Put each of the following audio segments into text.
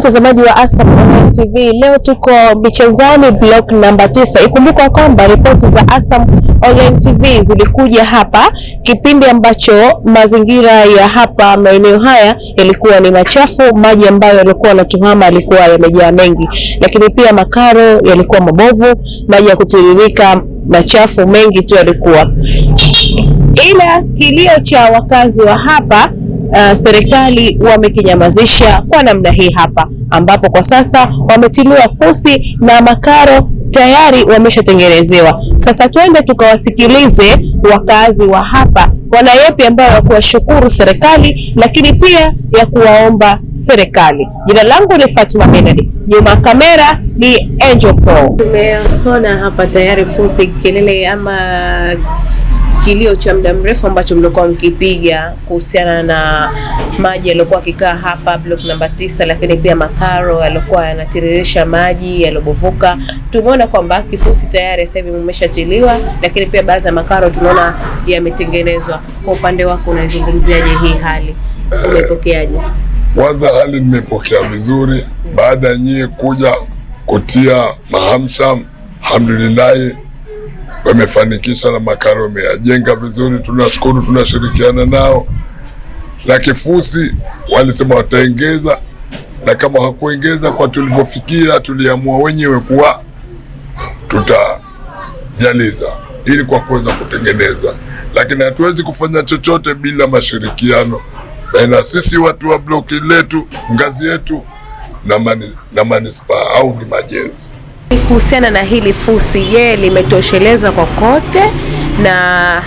mtazamaji wa ASAM Online TV, leo tuko Michenzani block namba tisa. Ikumbukwa kwamba ripoti za ASAM Online TV zilikuja hapa kipindi ambacho mazingira ya hapa maeneo haya yalikuwa ni machafu, maji ambayo yalikuwa yanatuhama yalikuwa yamejaa mengi, lakini pia makaro yalikuwa mabovu, maji ya kutiririka machafu mengi tu yalikuwa, ila kilio cha wakazi wa hapa uh, serikali wamekinyamazisha kwa namna hii hapa, ambapo kwa sasa wametiliwa fusi na makaro tayari wameshatengenezewa. Sasa twende tukawasikilize wakazi wa hapa wana yapi ambayo ya kuwashukuru serikali, lakini pia ya kuwaomba serikali. Jina langu ni Fatuma Kennedy, nyuma kamera ni Angel Paul. Tumeona hapa tayari fusi kelele ama kilio cha muda mrefu ambacho mlikuwa mkipiga kuhusiana na maji yaliyokuwa akikaa hapa block namba tisa, lakini pia makaro yaliokuwa yanatiririsha maji yaliobovuka. Tumeona kwamba kifusi tayari sasa hivi mmeshatiliwa, lakini pia baadhi ya makaro tunaona yametengenezwa. Kwa upande wako unaizungumziaje hii hali, umepokeaje? Kwanza hali nimepokea vizuri baada ya nyie kuja kutia mahamsha, alhamdulillahi wamefanikisha na makaro wameyajenga vizuri, tunashukuru, tunashirikiana nao. Na kifusi walisema wataengeza na kama hakuengeza kwa tulivyofikia, tuliamua wenyewe kuwa tutajaliza ili kwa kuweza kutengeneza, lakini hatuwezi kufanya chochote bila mashirikiano baina sisi watu wa bloki letu ngazi yetu na manispaa au ni majenzi Kuhusiana na hili fusi, je, limetosheleza kwa kote na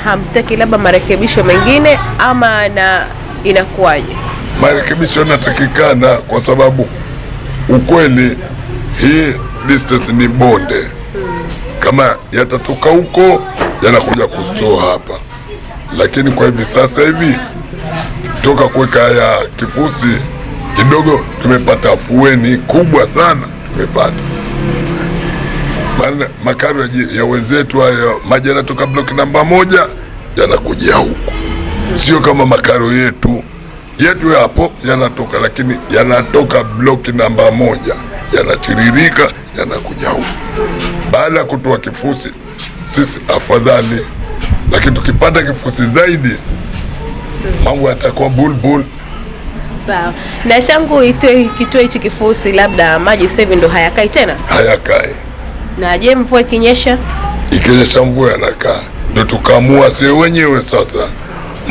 hamtaki labda marekebisho mengine ama na inakuwaje? Marekebisho yanatakikana kwa sababu ukweli hii distance ni bonde hmm. Kama yatatoka huko yanakuja kustoa hapa, lakini kwa hivi sasa hivi toka kuweka ya kifusi kidogo tumepata afueni kubwa sana tumepata makaro ya wenzetu hayo maji yanatoka block namba moja yanakuja huku, sio kama makaro yetu yetu hapo yanatoka, lakini yanatoka block namba moja yanatiririka yanakuja huku. Baada ya kutoa kifusi sisi afadhali, lakini tukipata kifusi zaidi mambo yatakuwa bulbul. Sawa na changu itoe kitoe hichi kifusi, labda maji sasa hivi ndo hayakai tena, hayakai na je, mvua ikinyesha? Ikinyesha mvua yanakaa, ndio tukaamua sie wenyewe sasa,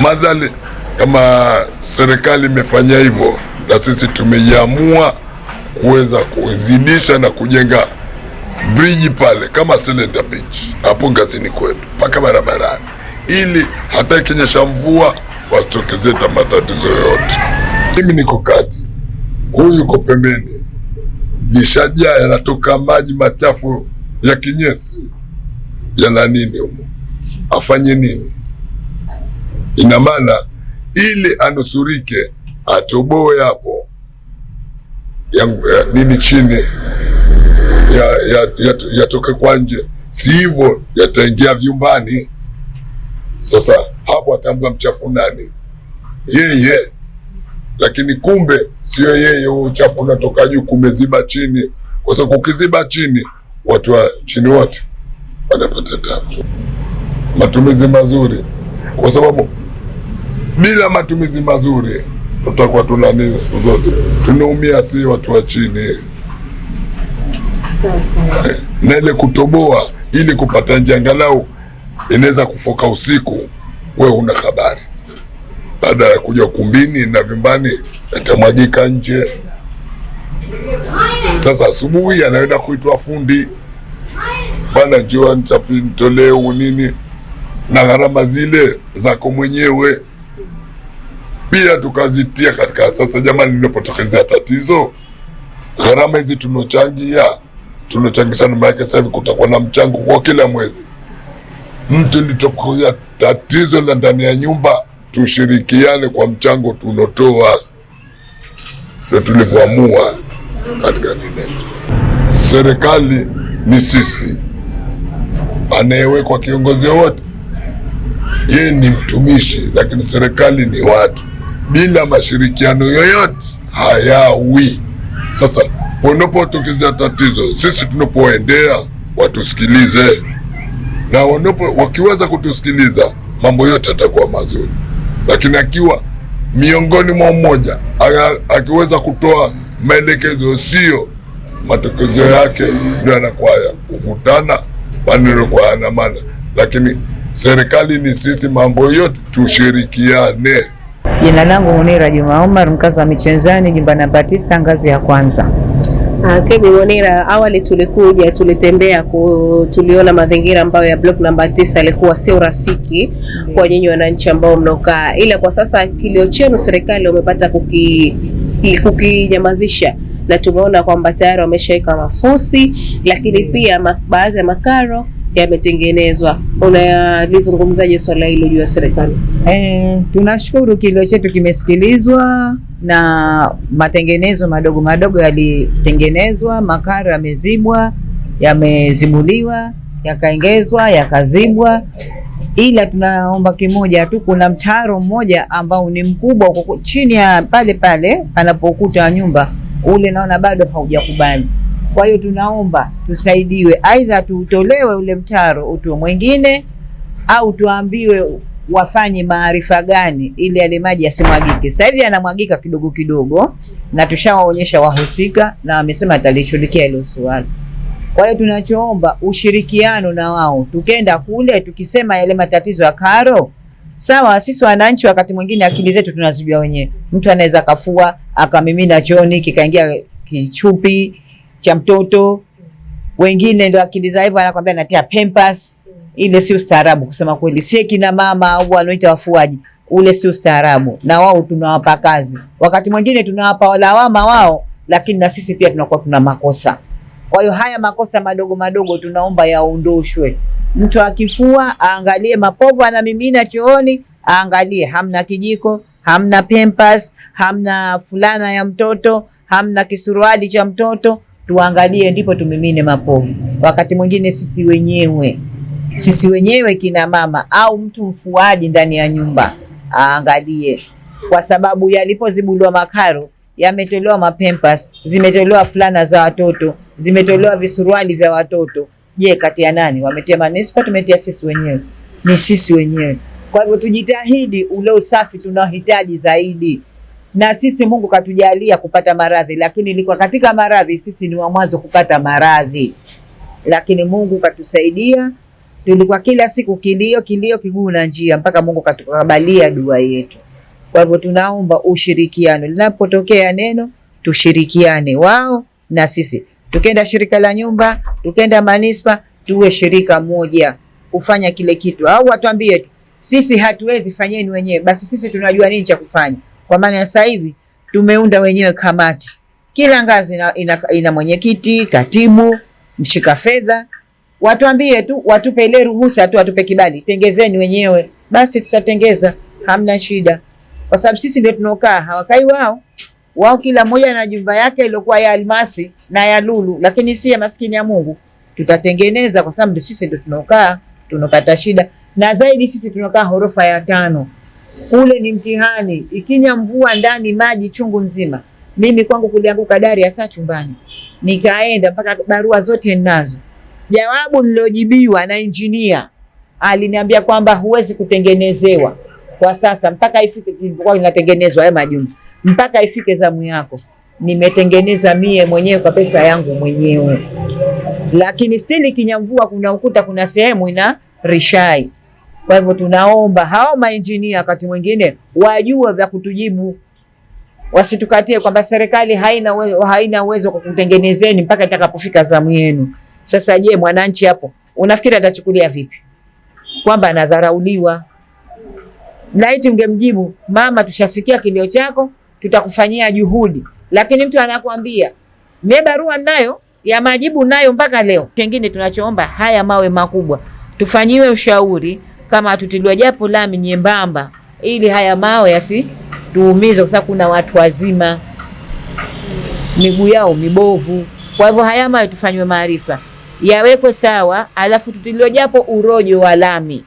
madhali kama serikali imefanya hivyo, na sisi tumeiamua kuweza kuzidisha na kujenga briji pale kama Selenta Beach hapo ngazini kwetu mpaka barabarani, ili hata ikinyesha mvua wasitokezeta matatizo yote. Mimi niko kati, huyu yuko pembeni lishajaa, yanatoka maji machafu ya kinyesi, yana nini humo? Afanye nini? Ina maana ili anusurike, atoboe hapo ya, ya, nini chini yatoke ya, ya, ya kwa nje, si hivyo yataingia vyumbani. Sasa hapo atambua mchafu nani? Yeye lakini kumbe sio yeye. Huo uchafu unatoka juu, kumeziba chini, kwa sababu ukiziba chini, watu wa chini wote wanapata tabu. Matumizi mazuri, kwa sababu bila matumizi mazuri tutakuwa tuna nini? Siku zote tunaumia, si watu wa chini na ile kutoboa ili kupata njangalau angalau inaweza kufoka usiku, we una habari baada ya kuja ukumbini na vyumbani atamwagika nje. Sasa asubuhi anaenda kuitwa fundi, bana, njoo nisafi unini na gharama zile zako mwenyewe pia tukazitia katika. Sasa jamani, linapotokezea tatizo, gharama hizi tunaochangia tunaochangishana, maanake sasa hivi kutakuwa na mchango kwa kila mwezi. Mtu litokea tatizo la ndani ya nyumba tushirikiane kwa mchango tunotoa, ndio tulivyoamua katika dini yetu. Serikali ni sisi, anayewekwa kiongozi wote yeye ni mtumishi, lakini serikali ni watu. Bila mashirikiano yoyote hayawi. Sasa wanapotokezea tatizo, sisi tunapoendea watusikilize, na wanapo wakiweza kutusikiliza mambo yote yatakuwa mazuri lakini akiwa miongoni mwa mmoja akiweza kutoa maelekezo sio, matokezo yake ndio yanakuwa ya kuvutana, yanakuwa ana maana. Lakini serikali ni sisi, mambo yote tushirikiane. Jina langu Munira Juma Omar, mkazi wa Michenzani, nyumba namba tisa, ngazi ya kwanza. Ah, Kemi Monera, ah, awali tulikuja tulitembea ku, tuliona mazingira ambayo ya block namba tisa yalikuwa sio rafiki okay, kwa nyinyi wananchi ambao mnaokaa, ila kwa sasa kilio chenu serikali wamepata kukinyamazisha kuki, na tumeona kwamba tayari wameshaweka mafusi, lakini pia baadhi ya makaro yametengenezwa. Unalizungumzaje swala hilo juu ya serikali? Eh, tunashukuru kilio chetu kimesikilizwa na matengenezo madogo madogo yalitengenezwa, makaro yamezibwa, yamezibuliwa, yakaengezwa, yakazibwa ila tunaomba kimoja tu, kuna mtaro mmoja ambao ni mkubwa chini ya pale pale panapokuta nyumba, ule naona bado haujakubali. Kwa hiyo tunaomba tusaidiwe, aidha tuutolewe ule mtaro utu mwingine, au tuambiwe wafanye maarifa gani ili yale maji yasimwagike. Sasa hivi yanamwagika kidogo kidogo, na tushawaonyesha wahusika na wamesema atalishughulikia hilo suala. Kwa hiyo tunachoomba ushirikiano na wao, tukenda kule tukisema yale matatizo ya karo Sawa, sisi wananchi wakati mwingine akili zetu tunazijua wenyewe. Mtu anaweza kafua akamimina chooni kikaingia kichupi, cha mtoto, wengine ndio akili za hivyo, anakwambia natia Pampers. Ile si ustaarabu kusema kweli, si kina mama au wanaoita wafuaji, ule si ustaarabu, na wao tunawapa kazi. Wakati mwingine tunawapa lawama wao, lakini na sisi pia tunakuwa tuna makosa. Kwa hiyo haya makosa madogo madogo tunaomba yaondoshwe. Mtu akifua aangalie mapovu anamimina chooni, aangalie hamna kijiko, hamna Pampers, hamna fulana ya mtoto, hamna kisuruali cha mtoto tuangalie, ndipo tumimine mapovu. Wakati mwingine sisi wenyewe sisi wenyewe kina mama au mtu mfuaji ndani ya nyumba aangalie, kwa sababu yalipozibuliwa makaro yametolewa mapempas, zimetolewa fulana za watoto, zimetolewa visuruali vya watoto. Je, kati ya nani wametia manispa? Tumetia sisi wenyewe, ni sisi wenyewe. Kwa hivyo tujitahidi ule usafi tunahitaji zaidi na sisi Mungu katujalia kupata maradhi, lakini ilikuwa katika maradhi sisi ni wa mwanzo kupata maradhi, lakini Mungu katusaidia. Tulikuwa kila siku kilio kilio, kiguu na njia, mpaka Mungu katukabalia dua yetu. Kwa hivyo tunaomba ushirikiano, linapotokea neno tushirikiane, wao na sisi. Tukenda shirika la nyumba, tukenda manispa, tuwe shirika moja kufanya kile kitu, au watuambie sisi hatuwezi, fanyeni wenyewe. Basi sisi tunajua nini cha kufanya. Kwa maana sasa hivi tumeunda wenyewe kamati, kila ngazi ina, ina, ina mwenyekiti, katibu, mshika fedha. Watuambie tu, watupe ile ruhusa tu, watupe kibali, tengezeni wenyewe basi, tutatengeza, hamna shida, kwa sababu sisi ndio tunaokaa, hawakai wao wao kila mmoja na jumba yake iliyokuwa ya almasi na ya lulu, lakini si ya maskini ya Mungu. Tutatengeneza kwa sababu sisi ndio tunaokaa, tunapata shida, na zaidi sisi tunaokaa ghorofa ya tano ule ni mtihani. Ikinya mvua ndani, maji chungu nzima. Mimi kwangu kulianguka dari hasa chumbani, nikaenda mpaka barua zote ninazo. Jawabu nilojibiwa na injinia aliniambia kwamba huwezi kutengenezewa kwa sasa mpaka ifike, kwa inatengenezwa haya majumba, mpaka ifike zamu yako. Nimetengeneza mie mwenyewe kwa pesa yangu mwenyewe, lakini stili kinyamvua, kuna ukuta, kuna sehemu ina rishai kwa hivyo tunaomba hao maenjinia wakati mwingine wajua vya kutujibu, wasitukatie kwamba serikali haina uwezo, haina uwezo wa kutengenezeni mpaka itakapofika zamu yenu. Sasa je, mwananchi hapo unafikiri atachukulia vipi kwamba anadharauliwa? Laiti ungemjibu mama, tushasikia kilio chako, tutakufanyia juhudi, lakini mtu anakuambia mie barua nayo ya majibu nayo mpaka leo. Pengine tunachoomba haya mawe makubwa tufanyiwe ushauri kama hatutiliwa japo lami nyembamba, ili haya mawe yasituumize, kwa sababu kuna watu wazima miguu yao mibovu. Kwa hivyo haya mawe tufanywe maarifa, yawekwe sawa, alafu tutiliwe japo urojo wa lami,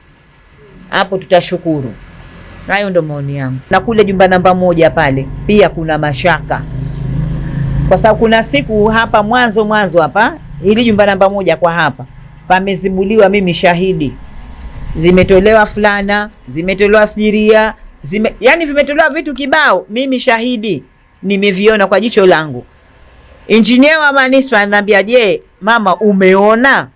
hapo tutashukuru. Hayo ndo maoni yangu. Na kule jumba namba moja pale pia kuna mashaka, kwa sababu kuna siku hapa mwanzo mwanzo hapa, ili jumba namba moja kwa hapa pamezibuliwa, mimi shahidi zimetolewa fulana, zimetolewa sijiria, zime, yani vimetolewa vitu kibao. Mimi shahidi nimeviona kwa jicho langu. Injinia wa manispa ananiambia, je, mama umeona?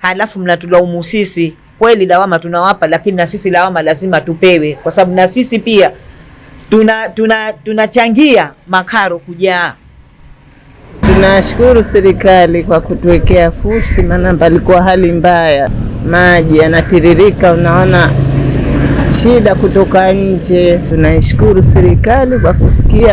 Halafu mnatulaumu sisi. Kweli lawama tunawapa, lakini na sisi lawama lazima tupewe, kwa sababu na sisi pia tunachangia tuna, tunachangia makaro kujaa. Tunashukuru serikali kwa kutuwekea fursa, maana palikuwa hali mbaya maji yanatiririka, unaona shida kutoka nje. Tunaishukuru serikali kwa kusikia